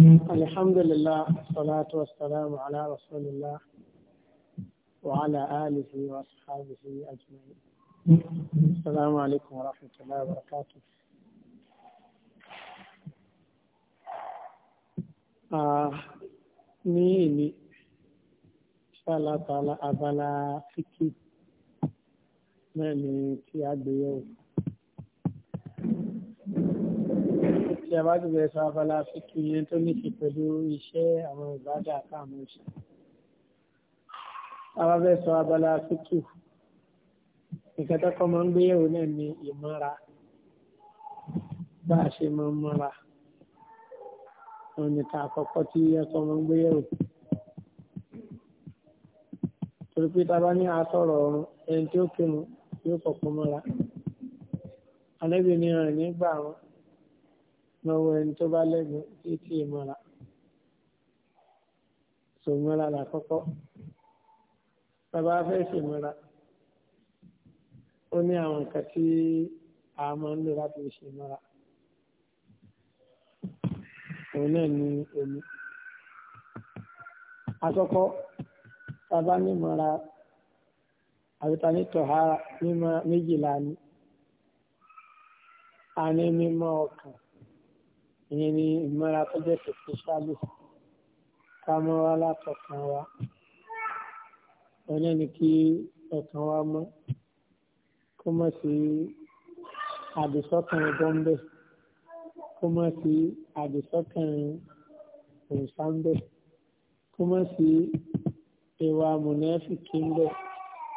الحمد لله والصلاة والسلام على رسول الله وعلى آله وأصحابه أجمعين السلام عليكم ورحمة الله وبركاته ní èmi ṣáláàtàlá abala fíkì náà ni tí a tí a bá ti bẹ̀rẹ̀ sọ abala fíkì yẹn tó ní ṣe pẹ̀lú iṣẹ́ àwọn ìbádà káàmù ṣe. a bá bẹ̀rẹ̀ sọ abala fíkì nǹkan tó kọ́ máa ń gbé yẹ̀wò náà ní ìmọ̀ra bá a ṣe máa ń mọ́ra òun nìkan àkọ́kọ́ tí ẹ̀kọ́ máa ń gbé yẹ̀wò torí pé tá bá ní asọ̀rọ̀ ọ̀run ẹni tí ó kírun yóò kọ̀ọ̀kan mọ́ra alẹ́bí ni rìn nígbà wọn lọ́wọ́ ẹni tó bá lẹ́gbẹ̀ẹ́ títí ìmọ̀ra sòmọ́ra làkọ́kọ́ bàbá fẹ́ sèmọ́ra ó ní àwọn nǹkan tí a máa ń lò láti sèmọ́ra òun náà ní omi àkọ́kọ́ bàbá mímọ́ra àbíta ní tọ̀hárà méjìlá ni a ní mímọ́ ọkàn ìyẹn ni ìmọ́ra tó jẹ́ tòkó ṣáàlù ká mọ́ wá látọ̀kan wa ọlẹ́ni kí ọkàn wa mọ́ kó mọ́ sí àdìsọ́kàn gọ́ńbẹ́ kó mọ́ sí àdìsọ́kàn òǹsàǹbẹ́ kó mọ́ sí ìwà mùnẹ́fìkì ń bẹ̀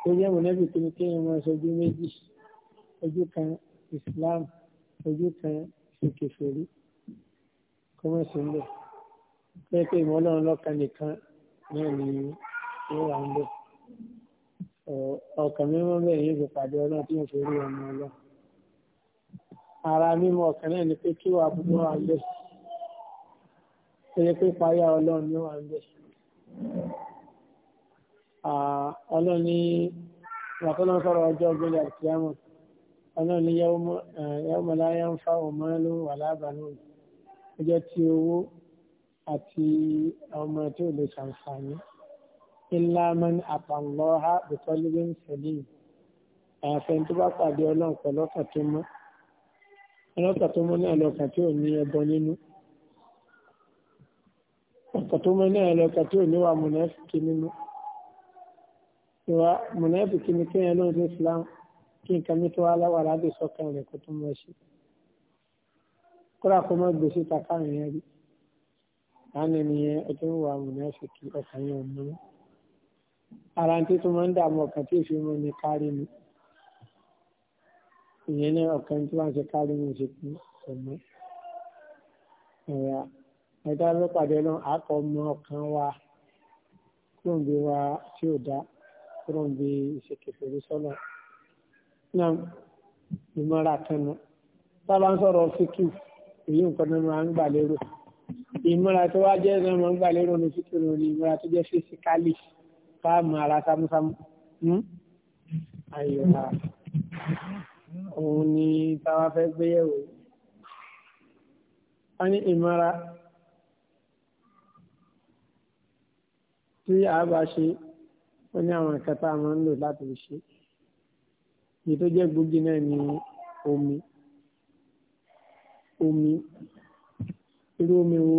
tó jẹ́ mùnẹ́fìkì ni kéèyàn máa ṣojú méjì ojú kan Islam ojú kan ṣèkèfèrí kó mọ̀ sí mbẹ̀ pé pé ìmọ̀ ọlọ́run lọ́kàn nìkan náà ni ó wà ń bẹ̀ ọkàn mímọ́ bẹ́ẹ̀ yóò fi pàdé ọlọ́run tí yóò fi rí ọmọ ọlọ́run ara mímọ́ ọkàn náà ni pé kí wàá búburú wà ń bẹ̀ ṣe pé páyà ọlọ́run ni ó wà ń bẹ̀ ọlọ́ni wàkọ́lọ́ sọ́rọ̀ ọjọ́ ọgbẹ́lẹ̀ àti àmọ́ ọlọ́ni yawma la yanfa'u malun wala banun ọjọ́ tí owó àti ọmọ tí ò lè ṣàǹfààní illa man àtàlọ́ha bùtọ́lẹ́wé ń sẹ̀lẹ̀ àyàfẹ́ tó bá pàdé ọlọ́run pẹ̀lú ọkàn tó mọ́ ọlọ́kàn tó mọ́ náà lọ́kàn tí ò ní ẹbọ nínú ọkàn tó mọ́ náà lọ́kàn tí ò ní wà mùnáfìkì nínú ìwà mùnáfìkì ni kéèyàn lóun ní Islam kí nǹkan mi tó wá láwàrá dé sọ́kàn rẹ̀ kó tó mọ̀ ṣe kódà kó má gbèsè ta káwọn yẹn rí láàánú ẹnìyẹn ọjọ́ ìwà mùnásìkì ọkàn yẹn ò mú ara tí tó máa ń dààmú ọkàn tí èsì mọ́ ni kárí mi ìyẹn náà ọkàn tí wọ́n ṣe kárí mi ṣe kú ọmọ ẹ̀yà ẹ̀dá ló pàdé náà àkọ́ mọ ọkàn wa kúrò ń bí wa tí ò dá kúrò ń bí ìṣèkèfèrè sọ́nà náà ìmọ̀ra kan náà tá ń sọ̀rọ̀ fíkì èyí nǹkan náà máa ń gbà lérò ìmúra tó wá jẹ́ náà máa ń gbà lérò ní fíkìrì ní ìmúra tó jẹ́ físíkálì fáàmù ara sámúsámú hmm? ayọ̀ra òun ni táwa fẹ́ gbéyẹ̀wò a ní ìmúra tí a bá ṣe ó ní àwọn nǹkan tá ń lò láti ṣe èyí gbòógì náà ni omi omi irú omi wo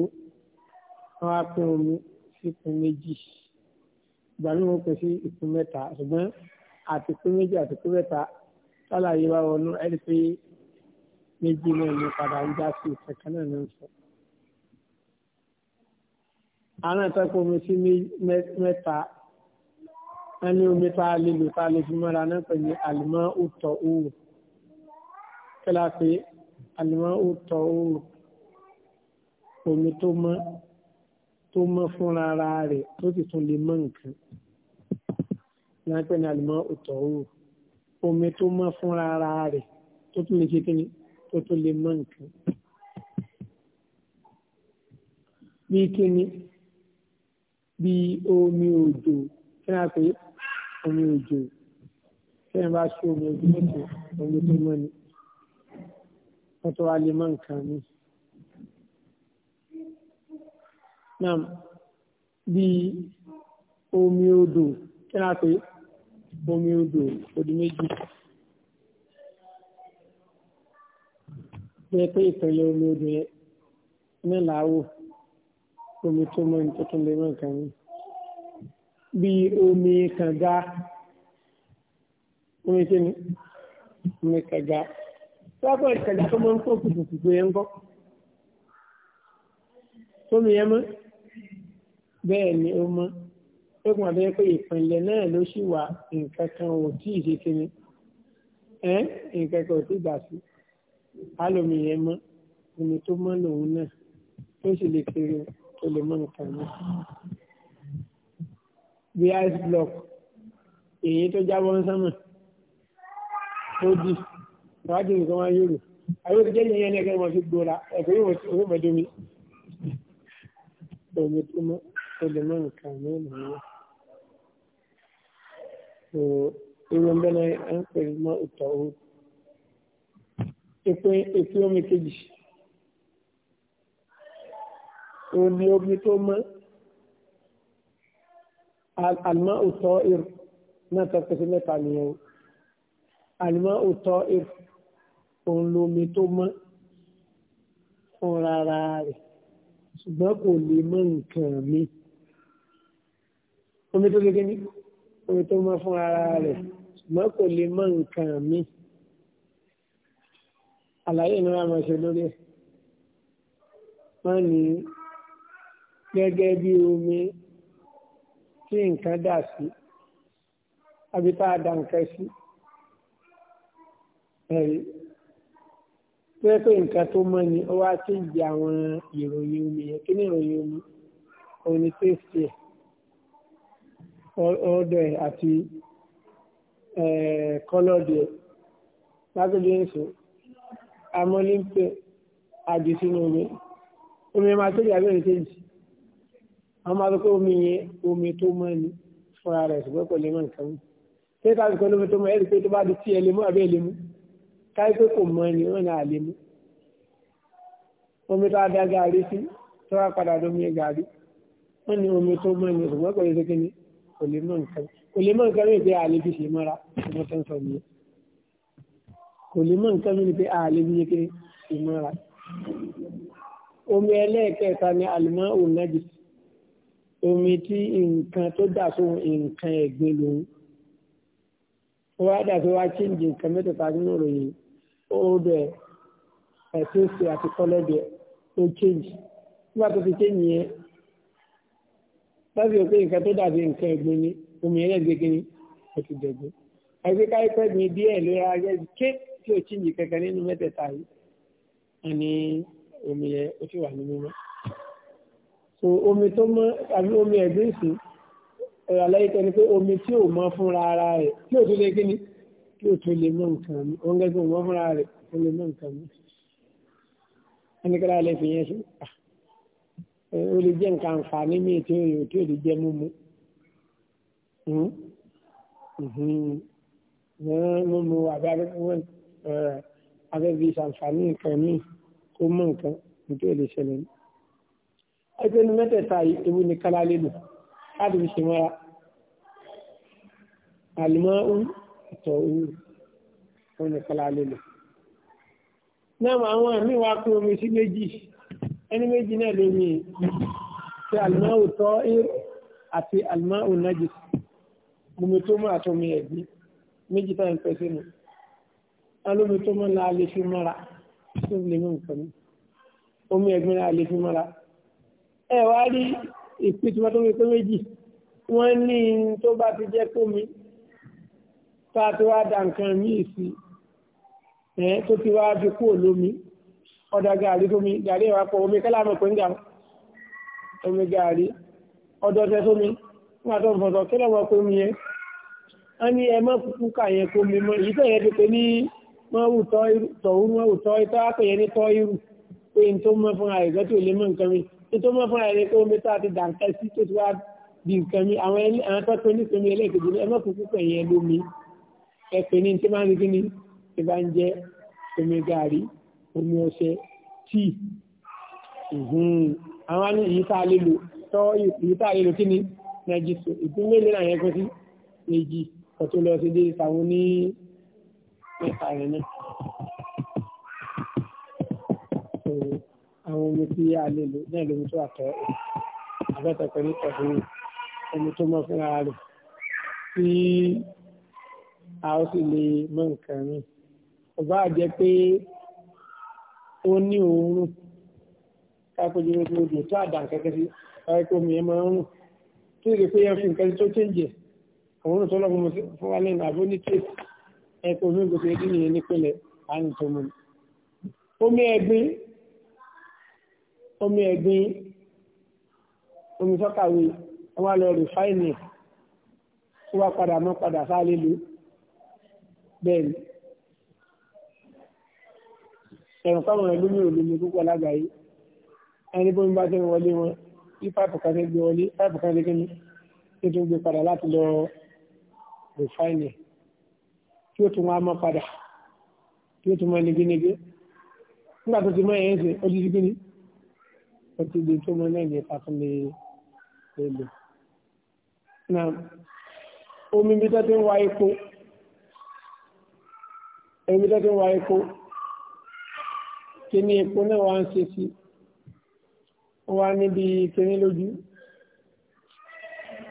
wọ́n á pín omi sí ìpín méjì ìgbà ní wọ́n pín sí ìpín mẹ́ta ṣùgbọ́n àti ìpín méjì àti ìpín mẹ́ta sálàyé wa wọnú ẹni pé méjì náà ní padà ń já sí ìkẹ̀kẹ́ náà ní sọ. àwọn ìtọ́kùn omi sí mẹ́ta wọ́n ní omi tá a lè lò tá a lè fi mọ́ra náà pẹ̀lú àlùmọ́ òtọ̀ òwò kí la àlùmọ́ ó tọ oòrùn omi tó mọ́ tó mọ́ fúnra ara rẹ̀ tó sì tún lè mọ́ nǹkan láńpẹ́ ní àlùmọ́ ó tọ oòrùn omi tó mọ́ fúnra ara rẹ̀ tó tún lè ṣe kíni tó tún lè mọ́ nǹkan. bí kíni bí omi òjò kí ni a pè é omi òjò kí ni bá ṣe omi òjò mọ́tò omi tó mọ́ ni wọ́n tó wá lè mọ nǹkan mi. Nam bíi omi odò kí ni a pè omi odò odi méjì. Bẹ́ẹ̀ pé ìpẹ̀lẹ̀ omi omi tó mọ nǹkan lè mọ omi kànga omi kí omi kànga tọ́gbọ́n ìṣẹ̀lẹ̀ tó máa ń kó kùtùkùtù yẹn ń gbọ́ tómi yẹn mọ́ bẹ́ẹ̀ ni ó mọ́ ẹ̀gbọ́n abẹ́rẹ́ pé ìpínlẹ̀ náà ló sì wà nǹkan kan ò tí ì ṣe kíni ẹ́ nǹkan kan ò tí ì gbà sí alómi yẹn mọ́ omi tó mọ́ lòun náà tó sì lè kéré tó lè mọ́ nǹkan mọ́ bí ice block èyí tó jábọ́ ń sánmà tó dì í wàá dùn nǹkan wá yòrò àwọn olùjẹ́ yẹn yẹn lẹ́gbẹ̀ẹ́ wọn fi gbóra ẹ̀kọ́ yóò wọ́n mọ̀ domi. omi tó mọ olè mọ nǹkan mi ò lọ́wọ́. irú ń bẹ́ẹ̀ náà ń pè mọ́ ìtọ̀ o. ìpín ìpín omi kejì. omi omi tó mọ́ àlùmọ́ ìtọ̀ irú náà tọ́ pèsè mẹ́ta nìyẹn o. àlùmọ́ ìtọ̀ irú òun lomi tó mọ́ fúnra ara rẹ̀ ṣùgbọ́n kò lè mọ nǹkan mi omi tó gẹ́gẹ́ ní omi tó mọ́ fúnra ara rẹ̀ ṣùgbọ́n kò lè mọ nǹkan mi àlàyé ìnira máa ṣe lórí ẹ̀ wọ́n ní gẹ́gẹ́ bí omi tí nǹkan dà sí àbí tá a dà nǹkan sí tó yẹ pé nǹkan tó mọ́ ni ó wá tí ń di àwọn ìròyìn omi yẹn kí ni ìròyìn omi òun ni tẹ́sítì ẹ̀ ọ̀dọ̀ ẹ̀ àti kọ́lọ́dì ẹ̀ lágbègbè èso amọ́límpẹ̀ àdìsínú omi omi máa tó yàgbé ìkejì àwọn máa tó omi yẹn omi tó mọ́ ni fúnra rẹ̀ ṣùgbọ́n kò lè nǹkan mú ṣé káàkiri omi tó mọ́ ẹ̀ rí pé tó bá di tí ẹ lè mú àbẹ́ ẹ lè mú káyipé kò mọ ẹni wọn náà lè mú omi tó adá gàrí sí tó wá padà lómi gàrí wọn ni omi tó mọ ẹni ṣùgbọ́n kò lè ṣe kíni kò lè mọ nǹkan kò lè mọ nǹkan mi pé àlè fi ṣe mọ́ra ọmọ tó ń sọ nìyẹn kò nǹkan mi pé àlè ṣe kíni ṣe mọ́ra omi ẹlẹ́ẹ̀kẹta ni àlùmọ́ òun omi tí nǹkan tó dà sóhun nǹkan ẹ̀gbin lòun wọ́n á dà tó wá chíǹdì nǹkan mẹ́tẹ̀ẹ̀ta nínú ìròyìn yìí old ẹ̀sìn ṣe àti kọ́lẹ́dẹ̀ tó change nígbà tó fi change yẹn láti òpin nǹkan tó dàbí nǹkan ẹ̀gbin ni omi ẹlẹ́gbẹ́ kínní ó ti dẹ̀gbẹ́ àti káyipẹ́ mi díẹ̀ ló ra ayé ké tí ó change kankan nínú mẹ́tẹ̀ẹ̀ta yìí wọ́n ní omi yẹn ó ti wà ní mímọ́ so omi tó mọ́ àbí omi ẹ̀gbin sí ẹ̀rọ aláyé tẹni pé omi tí ò mọ́ fúnra ara rẹ̀ tí ò tún lé kínní tí tó lè mọ́ nǹkan mi òun gẹ́gẹ́ wọn fúnra rẹ̀ tó lè mọ́ nǹkan mi ẹnikẹ́ra lè fi yẹn sí ah, ó lè jẹ́ nǹkan àǹfààní mi tí ó tí ó lè jẹ́ mímu hmm? Hmm. mímu àbí abẹ́bí ṣàǹfààní nǹkan mi kó mọ́ nǹkan tí ó lè ṣẹlẹ̀ ní. ẹgbẹ́ ní mẹ́tẹ̀ẹ̀ta yìí ewu ni kálá lélò láti fi ṣe mọ́ra àlùmọ́ ìtọ̀ oyún wọn ni kọ́lá lè lò. náà àwọn àmì wa kó omi sí méjì ẹni méjì náà ló ní ṣe àlùmáwò tọ́ àti àlùmáwò nájì omi tó mọ́ àti omi ẹ̀gbí méjì táyà ń pẹ́ sínú alómi tó mọ́ la lè fi mọ́ra tó lè mú nǹkan ní omi ẹ̀gbin la lè fi mọ́ra ẹ wá rí ìpín tí wọ́n tó wí pé méjì wọ́n ní tó bá ti jẹ́ kómi táà tó wá dá nǹkan míì sí ẹ̀ tó ti wá fi kú olómi ọ̀dà gàrí tómi gàrí ìwà pọ̀ omi kálá mọ̀ pé ń gà omi gàrí ọ̀dọ̀ tẹ tómi nígbà tó ń fọ̀tọ̀ kí lọ́mọ pé mi yẹn wọ́n ní ẹ mọ́ kúkú kà yẹn kó mi mọ́ èyí tó yẹn ti pé ní mọ́wù tọ̀hún mọ́wù tọ́ ìtọ́ àpẹyẹ ní tọ́ irú pé n tó mọ́ fúnra rẹ̀ gẹ́tò lè mọ́ nǹkan mi n tó mọ́ fúnra rẹ̀ pé omi tó àti dàǹkẹ́ sí tó ti wá di nǹkan mi àwọn tó pé ní ẹ̀pẹ̀ ní tí máa ń kí ni tí bá ń jẹ́ omi gàrí omi ọṣẹ tíì àwọn ní èyí tá a lè lò tọ́ èyí tá a lè lò kí ni nàìjíríà ìpín mélòó náà yẹn kọ́ sí méjì ọ̀tún lọ sí dé ìtàwọn ní mẹ́ta rẹ̀ náà. àwọn omi tí a lè lò náà lómi tó àtọ́ àbẹ́tẹ̀pẹ̀ ní ọ̀dún omi tó mọ́ fúnra rẹ̀ tí a ó sì lè mọ nǹkan mi kò bá jẹ́ pé ó ní òórùn kápẹ́jú gbogbo odò tó àdá kẹ́kẹ́ sí kápẹ́jú omi ẹ̀ máa ń rùn tó lè pé yẹn fi nǹkan tó chẹ́ǹjẹ̀ àwọn òórùn tó lọ́gbọ́n fún wa lẹ́nu àbó ní tèèpù ẹ̀kọ́ omi gbogbo ẹgbẹ́ nìyẹn nípínlẹ̀ àrùn tó mú omi ẹ̀gbin omi ẹ̀gbin omi sọ́kàwé wọ́n wá lọ rìfáìnì tó wá padà mọ́ padà sáà lélu bẹ́ẹ̀ ni ẹ̀rùn káwọn ẹ̀ lómi òlómi púpọ̀ lágbàáyé ẹni bómi bá tẹ́ wọlé wọn ní páìpù kan tẹ́ gbé wọlé páìpù kan tẹ́ gbé ní tí tó gbé padà láti lọ rìfáìnì tí ó tún wá mọ́ padà tí ó tún mọ́ nigínigí nígbà tó ti mọ́ ẹ̀yẹ́ ṣe ó ti di kíni ó ti di tó mọ́ náà ní ẹ̀ka tó lè lè lò. omi bí tó ti ń wá epo ẹni tó ti ń wa epo kíní epo náà wá ń ṣe sí wá níbi kíní lójú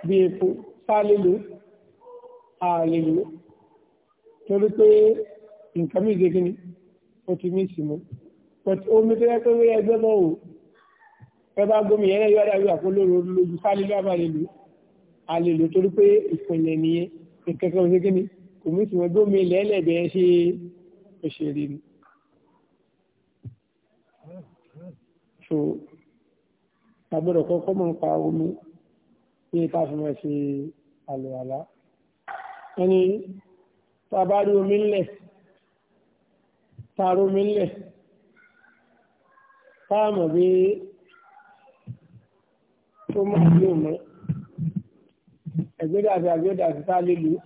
bí epo sálélo àlèlò torí pé nǹkan mí ṣe kíní ó ti mí sì mọ́ pẹ̀tù omi tó yẹ pé wíyá ẹgbẹ́ bọ̀ wò ẹ bá gómi yẹn lẹ́yìn wádàá wíwà kó lóru lójú sálélo àbàlèlò àlèlò torí pé ìpìlẹ̀ nìyẹn ìkẹ́kẹ́ òṣèkíní kò mú sí wọn gómi lẹ́lẹ́bẹ̀ ṣe òṣèré ni. so àgbọ̀dọ̀ kọ́kọ́ mọ̀ ń pa omi ní ipa fi mọ̀ ṣe àlùwàlá wọ́n ní tá a bá rí omi ńlẹ̀ tá a rí omi ńlẹ̀ tá a mọ̀ bí tó máa lò mọ́ ẹgbẹ́dàbí àgbẹ́dàbí tá a lè lò ó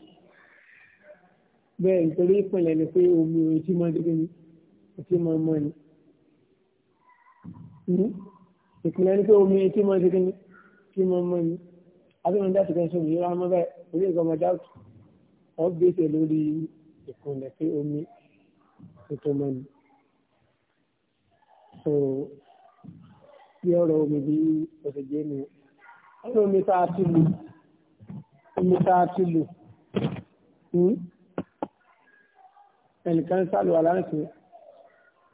bẹ́ẹ̀ nítorí ìpínlẹ̀ ni pé omi orin tí máa dégbé ni tí máa mọ́ ni hmm? ìpínlẹ̀ ni pé omi orin tí máa dégbé ni tí máa mọ́ ni abẹ́rẹ́ dáàtì kan sọ òmìnira ọmọ bẹ́ẹ̀ orí nǹkan ọmọ dáàtì ọ gbèsè lórí ìpínlẹ̀ pé omi tuntun mọ́ ni. so bí ọ̀rọ̀ omi bí ọ̀sẹ̀ jẹ́ ni ọ̀rọ̀ omi tá a ti lù omi tá a ti lù ẹnìkan sálù aláǹsì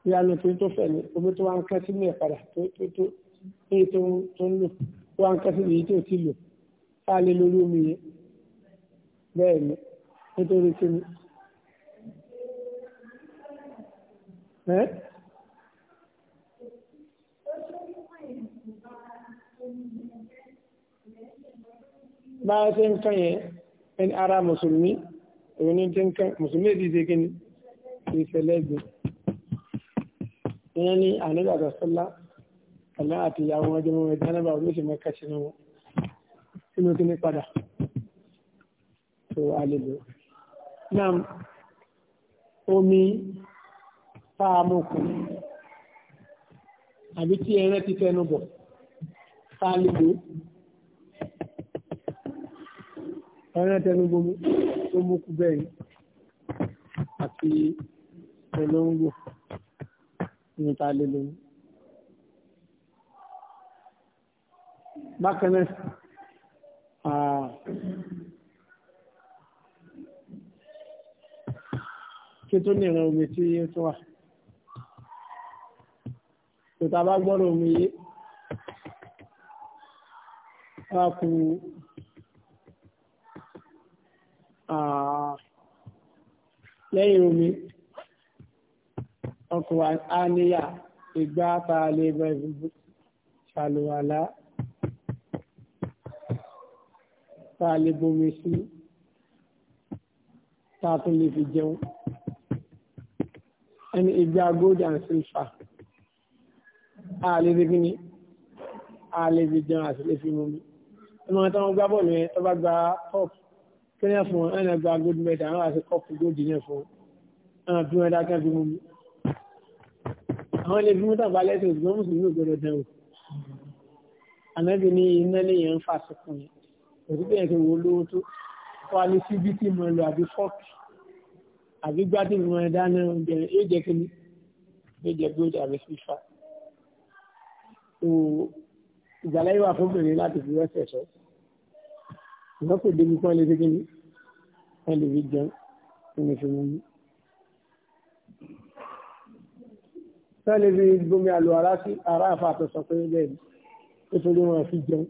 bí anú tó tó fẹ̀ ní omi tó wá ń kẹ́ sínú ẹ̀ padà tó tó tó èyí tó ń lò tó wá ń kẹ́ sínú èyí tó ti lò tá a lè lórí omi yẹn bẹ́ẹ̀ ni nítorí kí ni. bá a ṣe ń kàn yẹn ẹni ara mùsùlùmí òun ní ti ń kàn mùsùlùmí èdè ìṣègùn ni kì í ṣẹlẹ́gbẹ̀ ìyẹn ní àníbàdàn sọ́lá àlá àti ìyàwó ọjọ́ mọ́ ẹ̀dá náà bá olóṣèlú mẹ́ka sínú wọn sínú kí ní padà tó àlejò náà omi tá a mú kù àbí tí ẹrẹ ti fẹnu bọ̀ tá a lè lò ẹrẹ tẹnu gbogbo tó mú kù bẹ́ẹ̀ àti olóńgbò níta lílo. Bákan náà, kí tó ní ìran omi tí ó tó wà. Tòtà bá gbọ́dọ̀ omi yé, wá kú lẹ́yìn omi ọkùnrin àníyà ìgbà ta lè bẹ̀rẹ̀ ṣàlùwàlá ta lè bomi sí ta tún lè fi jẹun ẹni ìgbà gold and silver a lè fi kíni a lè fi jẹun àti lè fi mumi ẹni wọn táwọn gbá bọ́ọ̀lù yẹn tó bá gba cup kí ni ẹ fún wọn ẹni gba gold medal àwọn àti cup gold yẹn fún wọn ẹni bí wọn dá kẹ́ fi mumi àwọn ilé fún mọ́tàbà lẹ́sìn òṣùgbọ́n mùsùlùmí ògbọ́dọ̀ dẹ̀ wò ànábì ní iná léyìn ń fà sọkùn yẹn òtún bẹ́ẹ̀ kí wo lówó tó kọ́ alẹ́ sí bí tí mo lọ àbí fọ́ọ̀kì àbí gbá tí mo rẹ̀ dáná oúnjẹ yóò jẹ́ kíní yóò jẹ́ gbóòdì àbí fífa ìgbàláyé wà fún obìnrin láti fi rẹ́sẹ̀ sọ ìgbọ́kùn débi kọ́ lè ṣe kíní wọ́n lè fi jẹun ìmìfìmù yìí. sẹ́lẹ̀ bí gbomi àlò ara sí ara àfa àtọ̀sọ pé bẹ́ẹ̀ ni nítorí wọn fi jẹun.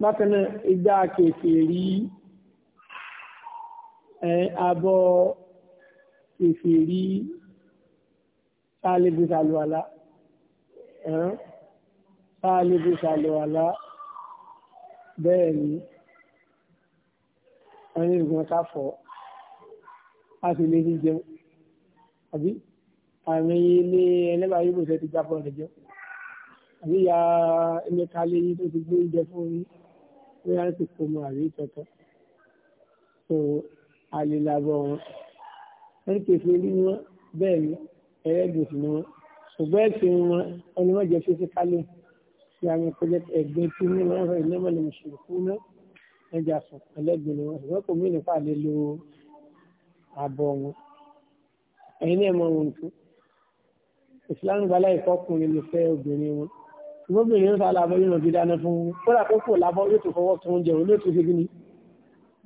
bákan náà igbá kèké rí abọ́ kèké rí sálẹ̀ bí sàlù àlá sálẹ̀ bí sàlù àlá bẹ́ẹ̀ ni wọ́n ní ìgbọ̀n fọ́ a sì lè fi jẹun àbí àmì ilé ẹlẹ́bàá yìí bòṣẹ́ ti jápọ̀ rẹ̀ jọ àbí ya ẹ̀mẹ́ka lé yìí tó ti gbé oúnjẹ fún yín bóyá ń sì kó mu àbí ìtọ́tọ́ so àlè làbọ̀ wọn wọ́n kèfé rí wọn bẹ́ẹ̀ ni ẹlẹ́gbẹ̀sì ni wọn ṣùgbọ́n ẹ̀sìn wọn ẹni wọ́n jẹ́ fífíkálẹ̀ tí a ní kọjá ẹ̀gbẹ́ tí ní wọ́n fẹ́ ìnáwó lè ṣe fún náà ẹja sùn ẹlẹ́gbẹ̀ẹ́ ni wọn ṣùgbọ́n kò mí ẹ̀yin náà mọ ohun tó ìsìlámù balẹ̀ ìfọkùnrin lè fẹ́ obìnrin wọn ìmọ̀bìnrin ń sálà abọ́ yóò bí dáná fún wọn kódà kó kò lábọ́ yóò tó fọwọ́ tó ń jẹun yóò tó ṣe gíní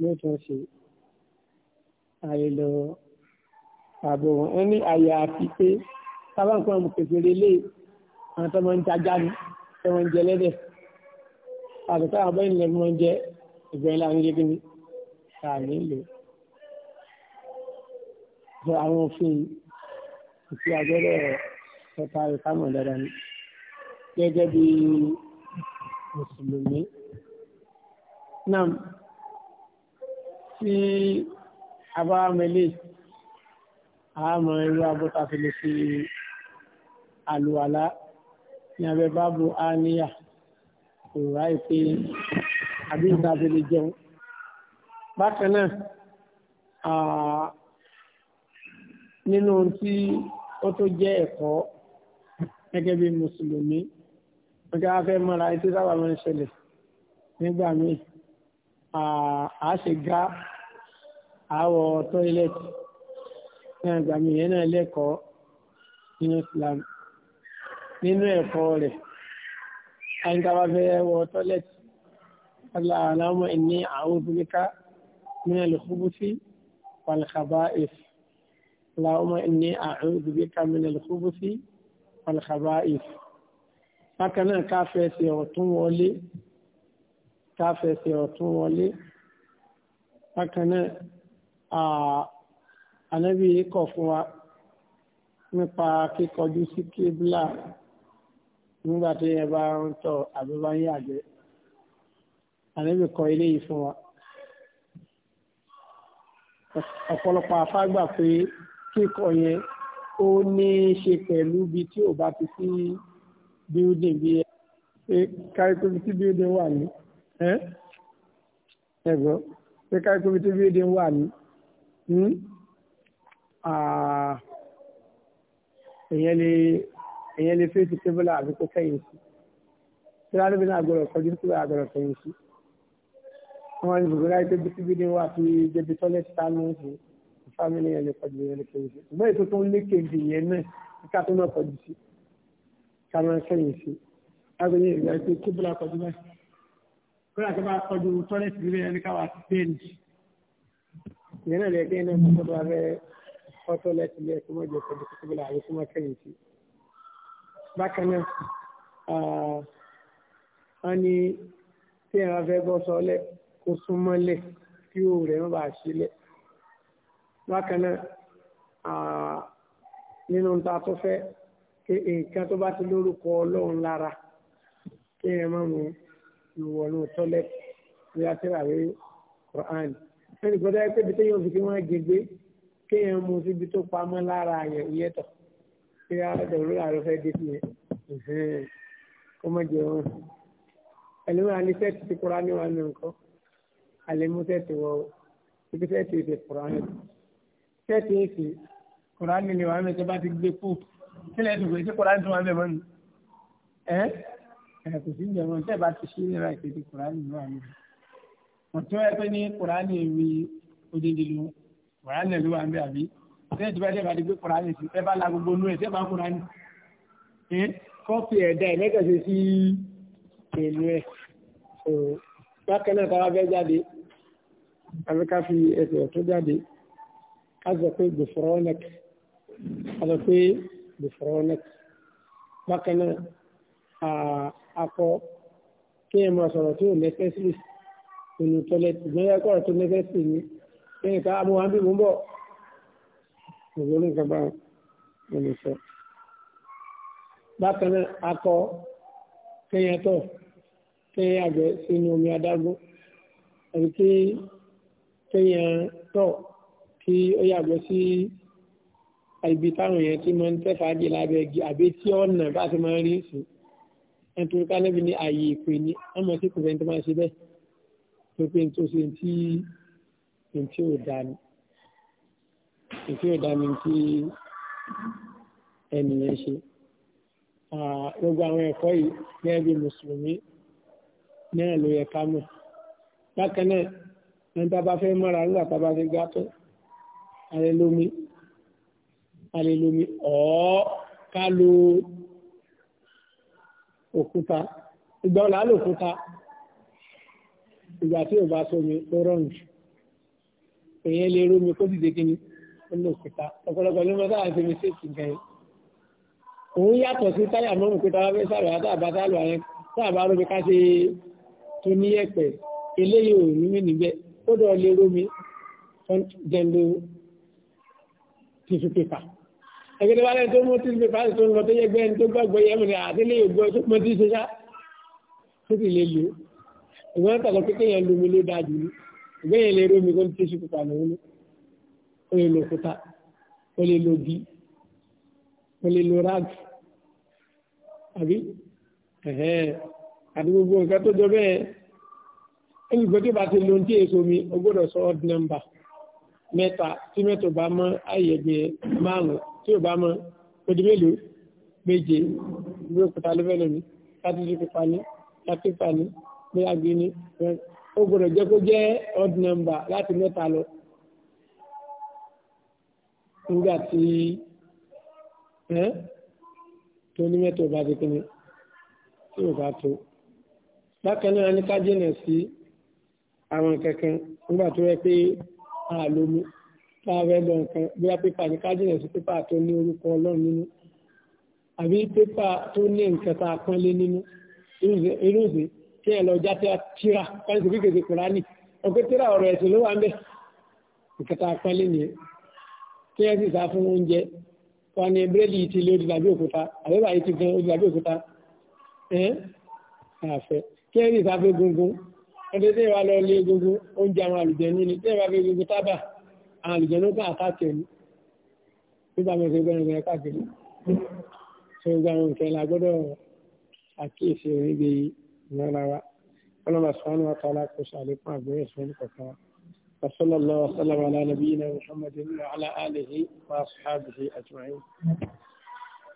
yóò tó ṣe ààyè lọ ààbò wọn ẹni àyà àfi pé sábà ọmọ kékeré lé àwọn tó máa ń tajá ni tó máa ń jẹ lẹ́dẹ̀ àbẹ̀tà àbọ̀ ìnìlẹ̀ mọ́ ń jẹ ìgbẹ̀yìn láàrin gíní àmì lò àwọn òfin ìfi àgbẹ̀rẹ̀ ẹ̀ka ìkámọ̀ dáadáa ni gẹ́gẹ́ bí mùsùlùmí. Náà tí a bá mẹ́lẹ̀ àmọ́ irú abọ́ta fi lè fi àlùwàlá ní abẹ́ báàbù àníyà kò ráì pé àbí ìta fi lè jẹun. Bákan náà, nínú tí ó tó jẹ́ ẹ̀kọ́ gẹ́gẹ́ bí mùsùlùmí gẹ́gẹ́ afẹ́ mọ́ra etí sábà máa ń ṣẹlẹ̀ nígbà míì a ṣe gá àwọ̀ tọ́ílẹ̀tì náà gbà mí yẹn náà lẹ́kọ̀ọ́ nínú Islam nínú ẹ̀kọ́ rẹ̀ àyíkáwá fẹ́ wọ tọ́ílẹ̀tì aláàlámọ̀ ẹni àwọn obìnrin ká nínú ẹ̀lẹ́kùbùsí wal khaba'ith. اللهم إني أعوذ بك من الخبث والخبائث bákan náà ká fẹsẹ̀ ọ̀tún wọlé ká fẹsẹ̀ ọ̀tún wọlé bákan náà ànábì kọ̀ fún wa nípa kíkọjú sí kébìlà nígbà tí yẹn bá ń tọ̀ àbí bá ń yàgbẹ́ ànábì kọ̀ eléyìí fún wa ọ̀pọ̀lọpọ̀ afágbà pé kíkọ yẹn ó ní í ṣe pẹ̀lú ibi tí ò bá ti sí building bí ẹ káríkóbi tí building wà ní ẹ ẹgbọ́ pé káríkóbi tí building wà ní hm, èèyàn lè èèyàn lè fèsì tébùlà àbí kó kẹ́yìn sí tí wọ́n á níbi náà gbọ́dọ̀ kọjú sí àgbọ̀dọ̀ kẹ́yìn sí wọ́n á ní bùbá láì pé tí building wà fi jẹ́bi tọ́lẹ̀ tí tá a mú fámìlì yẹn lè kọjú yẹn lè kẹyìn sí ṣùgbọ́n ètò tó ń lé kejì yẹn náà ká tó náà kọjú sí ká máa kẹyìn sí lágbègbè ìgbà pé kíbùlà kọjú báyìí kódà tó bá kọjú tọ́lẹ̀tì nílé ẹni káwá sí bẹ́ẹ̀lì ìyẹn náà lè kẹyìn náà mú kọjú abẹ́ ọtọ́lẹ̀tì lé ẹ̀kọ́ mọ́jọ kọjú kíbùlà àbí kó máa kẹyìn sí. bákan náà wọ́n ní tí ẹ̀rọ afẹ́ bọ́ sọ́lẹ̀ kó súnmọ́lẹ̀ kí òòrè wọn bá ṣílẹ̀ bákan náà nínú ta tó fẹ́ nǹkan tó bá ti lórúkọ ọlọ́run lára kí ẹ má mú ìwọ̀nù tọ́lẹ̀tì bí a Quran ẹnì kan tó yẹ pé ibi tó yàn fi kí wọ́n gègbé kí ẹ mú síbi tó pamọ́ lára yẹn ìyẹn tọ̀ kí ẹ dọ̀rọ̀ àrò fẹ́ dé sí yẹn kó má jẹ wọn ẹlẹ́wọ̀n àní sẹ́ẹ̀tì ti Quran ní nǹkan àlẹ́ sẹ́ẹ̀tì wọ́n ibi sẹ́ẹ̀tì ti Quran nù tẹ́tí èsì kùránì ni wàá mẹ́tẹ́ bá ti gbé kú sílẹ̀ tó gbèsè kùránì tó wà mẹ́mọ́ ni ẹ́ ẹ̀ kò sí ìjọba tẹ́ bá ti ṣí nílá ìpèsè kùránì ló wà mẹ́mọ́ wọ́n tún ẹ pé ní kùránì rí odindi lu kùránì ló wà mẹ́ àbí tẹ́tí bá tẹ́ bá ti gbé kùránì sí tẹ́ bá la gbogbo nú ẹ̀ tẹ́ bá kùránì ẹ́ kọ́pì ẹ̀dá ẹ̀ lẹ́kẹ̀sẹ̀ sí ìlú ẹ̀ bákan náà táwa fẹ́ jáde àbíká fi ẹsẹ̀ ọ̀tún jáde a sọ pé gòfòrọ́nẹ́k a sọ pé gòfòrọ́nẹ́k bákan náà akọ kí ẹ máa sọ̀rọ̀ tí ò nẹ́fẹ́sìrì nínú tọ́lẹ́tì ìgbọ́n yẹ kọ́rọ̀ tó nẹ́fẹ́sìrì ni kí ni ká mú wa bí mú bọ̀ òwò ní nǹkan bá wọn lè sọ. bákan náà akọ kẹyìn kí ó yàgbọ́ sí ibi táwọn èèyàn tí máa ń tẹ́fà á di lábẹ́ igi àbí tí ọ̀nà bá ti máa ń rí sí ẹni tó ká lẹ́bi ní ààyè ìpè ní ọmọ sí kò fẹ́ tó máa ṣe bẹ́ẹ̀ tó pé tó ṣe tí tí ò dá ni tí ò dá ni tí ẹnìyẹn ṣe gbogbo àwọn ẹ̀kọ́ yìí gẹ́gẹ́ bí mùsùlùmí náà ló yẹ ká mọ̀ bákan náà ẹni tá a bá fẹ́ mọ́ra nígbà tá a bá fẹ́ gbá tó alẹ́ lómi alẹ́ lómi ọ̀ọ́ ká lo òkúta ìgbà ọ̀la lò òkúta ìgbà tí ò bá sómi tó rọrùn jù èyàn lè rómi kó dìde kí ni ó lò òkúta ọ̀pọ̀lọpọ̀ ló mọ́ sáà ń sẹ́mi ṣèkì gan òun yàtọ̀ sí táyà mọ́mù pé táwa fẹ́ sàrò àtàbà sàrò àyẹn táàbà rómi ká ṣe tó ní ẹ̀pẹ̀ eléyìí ò ní níbẹ̀ ó dọ̀ lè rómi jẹun tìṣù pépà ẹgbẹ́ni wálé tó mú tìṣù pépà tó ń lọ tó yẹ gbẹ́ ẹni tó gbàgbọ́ yẹ mìíràn àdélé ìgbọ́ tó mọ tí ṣeṣá tó sì lè lò ìwọ́n tàbí pé kéèyàn lómi ló dáa jù ìgbẹ́ yẹn lè rómi kó tìṣù pépà lòun ní o lè lo òkúta o lè lo bí o lè lo ráàgì àbí àti gbogbo nǹkan tó jọ bẹ́ẹ̀ ẹnì gbọ́dọ̀ bá ti lo ní èso mi o gbọ́dọ̀ sọ ọ́d nọ́mbà mẹ́ta tí mẹ́ta ò bá mọ́ ayẹ̀gbẹ́ márùn tí ò bá mọ́ odi mélòó méje ìwé òkúta ló fẹ́lẹ̀ mi láti ní láti ní bí agbe ní ó gbọ́dọ̀ jẹ́ kó jẹ́ odd number láti mẹ́ta lọ. nígbà tí tó ní mẹ́ta ò bá ti kíni tí ò bá tó. bákan náà ní ká jìnà sí àwọn kankan nígbà tó yẹ pé àlómi tá a fẹ́ lọ nǹkan bóyá pépà ní ká jìnà sí pépà tó ní orúkọ ọlọ́run nínú àbí pépà tó ní nǹkan tá a pọ́nlé nínú irú ìsìn kí ẹ lọ já tí a tíra káyọ̀ sí kékeré kùránì ọ̀pẹ́ tíra ọ̀rọ̀ ẹ̀sìn ló wà ń bẹ̀ nǹkan tá a pọ́nlé nìyẹn kí ẹ sì sá fún oúnjẹ wọn ni búrẹ́dì ti lé odìdàbí òkúta àbẹ́bà yìí ti gan odìdàbí òkúta ẹ̀ àfẹ́ kí ẹ sì sá fún gungun ẹgbẹ́ tí ìwà lọ lé gbogbo oúnjẹ àwọn àlùjẹ̀nú ni tí ìwà fi gbogbo tábà àwọn àlùjẹ̀nú kan àtàkì ẹ̀mí nígbà mọ̀ sí gbẹ̀rẹ̀gbẹ̀rẹ̀ káàkiri tó gba àwọn nǹkan la gbọ́dọ̀ àkíyèsí oníbi ìmọ̀ra wa ọlọ́mà sọ́nù wa tọ́lá kó sàlékún àgbẹ̀rẹ̀ sọ́nù kọ̀ọ̀kan wa وصلى الله وسلم على نبينا محمد وعلى آله وأصحابه أجمعين